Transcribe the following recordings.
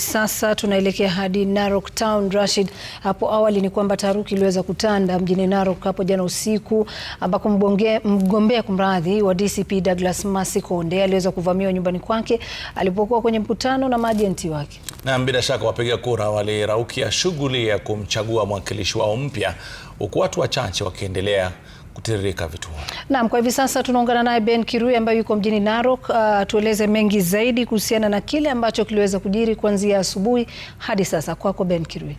Sasa tunaelekea hadi Narok Town, Rashid. Hapo awali ni kwamba taharuki iliweza kutanda mjini Narok hapo jana usiku, ambako mgombea kumradhi wa DCP Douglas Masikonde aliweza kuvamiwa nyumbani kwake alipokuwa kwenye mkutano na majenti wake. Na bila shaka wapiga kura waliraukia shughuli ya kumchagua mwakilishi wao mpya, huku watu wachache wakiendelea kutiririka vituo. Naam, kwa hivi sasa tunaungana naye Ben Kirui ambaye yuko mjini Narok, uh, tueleze mengi zaidi kuhusiana na kile ambacho kiliweza kujiri kuanzia asubuhi hadi sasa. Kwako Ben Kirui.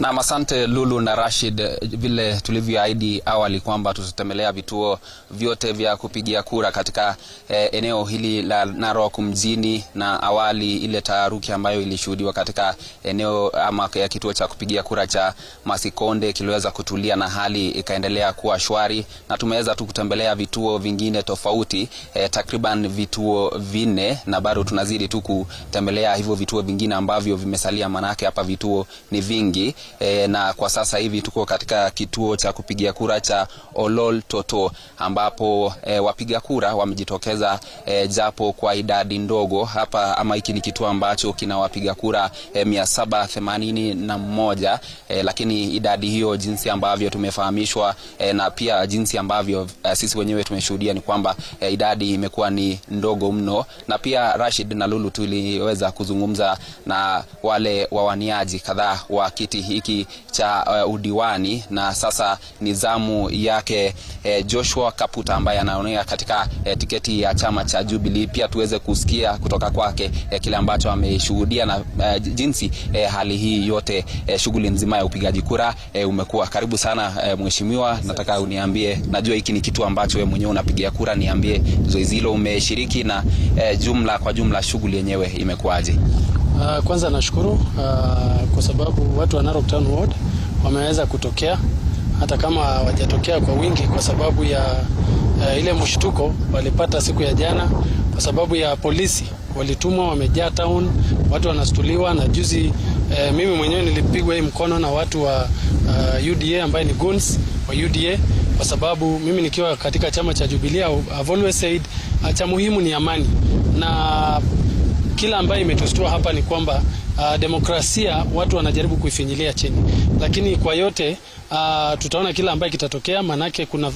Nam, asante Lulu na Rashid. Vile tulivyoahidi awali kwamba tutatembelea vituo vyote vya kupigia kura katika eh, eneo hili la Narok mjini, na awali ile taharuki ambayo ilishuhudiwa katika eneo ama ya kituo cha kupigia kura cha Masikonde kiliweza kutulia na hali ikaendelea kuwa shwari, na tumeweza tu kutembelea vituo vingine tofauti eh, takriban vituo vinne, na bado tunazidi tu kutembelea hivyo vituo vingine ambavyo vimesalia, manake hapa vituo ni vingi e, na kwa sasa hivi tuko katika kituo cha kupigia kura cha Olol Toto ambapo e, wapiga kura wamejitokeza e, japo kwa idadi ndogo hapa, ama hiki ni kituo ambacho kina wapiga kura e, mia saba themanini na mmoja e, lakini idadi hiyo jinsi ambavyo tumefahamishwa e, na pia jinsi ambavyo e, sisi wenyewe tumeshuhudia ni kwamba e, idadi imekuwa ni ndogo mno, na pia Rashid na Lulu tuliweza kuzungumza na wale wawaniaji kadhaa wa kiti hiki cha uh, udiwani na sasa ni zamu yake eh, Joshua Kaputa ambaye anaonea katika eh, tiketi ya chama cha Jubilee. Pia tuweze kusikia kutoka kwake eh, kile ambacho ameshuhudia na eh, jinsi eh, hali hii yote eh, shughuli nzima ya upigaji kura eh, umekuwa. Karibu sana eh, mheshimiwa, nataka uniambie, najua hiki ni kitu ambacho wewe mwenyewe unapigia kura, niambie zoezi hilo umeshiriki na eh, jumla kwa jumla shughuli yenyewe imekuwaje? Uh, kwanza nashukuru uh, kwa sababu watu wa Narok Town Ward wameweza kutokea hata kama hawajatokea kwa wingi kwa sababu ya uh, ile mshtuko walipata siku ya jana kwa sababu ya polisi walitumwa, wamejaa town, watu wanastuliwa na juzi. Uh, mimi mwenyewe nilipigwa hii mkono na watu wa uh, UDA ambaye ni guns wa UDA kwa sababu mimi nikiwa katika chama cha Jubilee, I've always said uh, cha muhimu ni amani na kila ambayo imetustua hapa ni kwamba uh, demokrasia watu wanajaribu kuifinyilia chini, lakini kwa yote uh, tutaona kila ambaye kitatokea, manake kuna uh,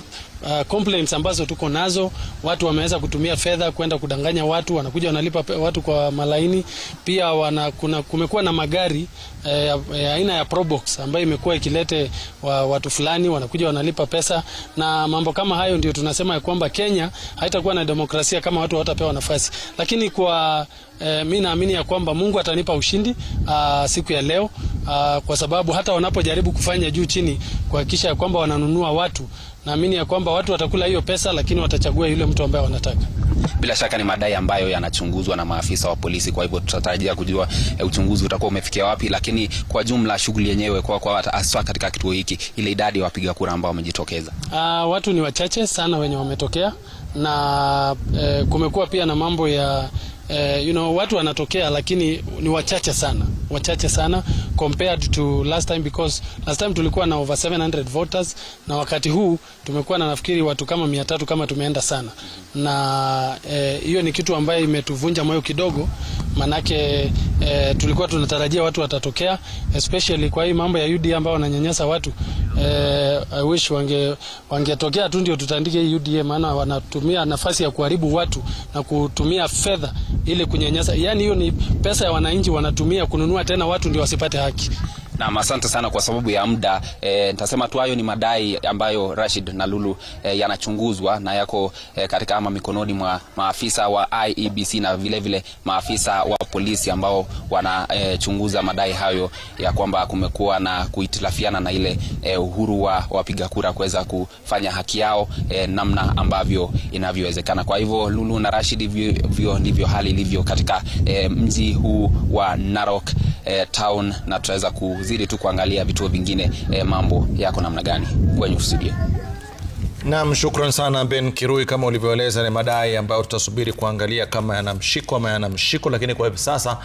complaints ambazo tuko nazo. Watu wameweza kutumia fedha kwenda kudanganya watu, wanakuja wanalipa watu kwa malaini. Pia wana, kuna, kumekuwa na magari eh, ya aina ya Probox ambayo imekuwa ikilete wa, watu fulani wanakuja wanalipa pesa na mambo kama hayo. Ndio tunasema ya kwamba Kenya haitakuwa na demokrasia kama watu hawatapewa nafasi, lakini kwa eh, mimi naamini ya kwamba Mungu atanipa ushindi ushindi uh, ah, siku ya leo uh, kwa sababu hata wanapojaribu kufanya juu chini kuhakikisha ya kwamba wananunua watu, naamini ya kwamba watu watakula hiyo pesa, lakini watachagua yule mtu ambaye wanataka. Bila shaka ni madai ambayo yanachunguzwa na maafisa wa polisi, kwa hivyo tutatarajia kujua eh, uchunguzi utakuwa umefikia wapi. Lakini kwa jumla shughuli yenyewe kwa kwa hasa katika kituo hiki, ile idadi ya wapiga kura ambao wamejitokeza, uh, watu ni wachache sana wenye wametokea na e, kumekuwa pia na mambo ya eh, you know, watu wanatokea, lakini ni wachache sana, wachache sana compared to last time because last time tulikuwa na over 700 voters na wakati huu tumekuwa na nafikiri watu kama 300 kama tumeenda sana, na eh, hiyo eh, ni kitu ambayo imetuvunja moyo kidogo, manake eh, tulikuwa tunatarajia watu watatokea, especially kwa hii mambo ya UDA ambao wananyanyasa watu eh, I wish wange wangetokea tu ndio tutaandike hii UDA, maana wanatumia nafasi ya kuharibu watu na kutumia fedha ili kunyanyasa, yani hiyo ni pesa ya wananchi wanatumia kununua tena watu ndio wasipate yake nam asante sana kwa sababu ya muda eh, nitasema e, tu hayo ni madai ambayo Rashid na Lulu e, yanachunguzwa na yako e, katika ama mikononi mwa maafisa wa IEBC na vilevile vile maafisa wa polisi ambao wanachunguza e, madai hayo ya kwamba kumekuwa na kuhitilafiana na ile e, uhuru wa wapiga kura kuweza kufanya haki yao e, namna ambavyo inavyowezekana. Kwa hivyo Lulu na Rashid, vyo ndivyo hali ilivyo katika e, mji huu wa Narok eh, town na tutaweza kuzidi tu kuangalia vituo vingine eh, mambo yako namna gani kwenye usidia. Naam, shukran sana Ben Kirui. Kama ulivyoeleza, ni madai ambayo tutasubiri kuangalia kama yanamshiko ama yanamshiko, lakini kwa hivi sasa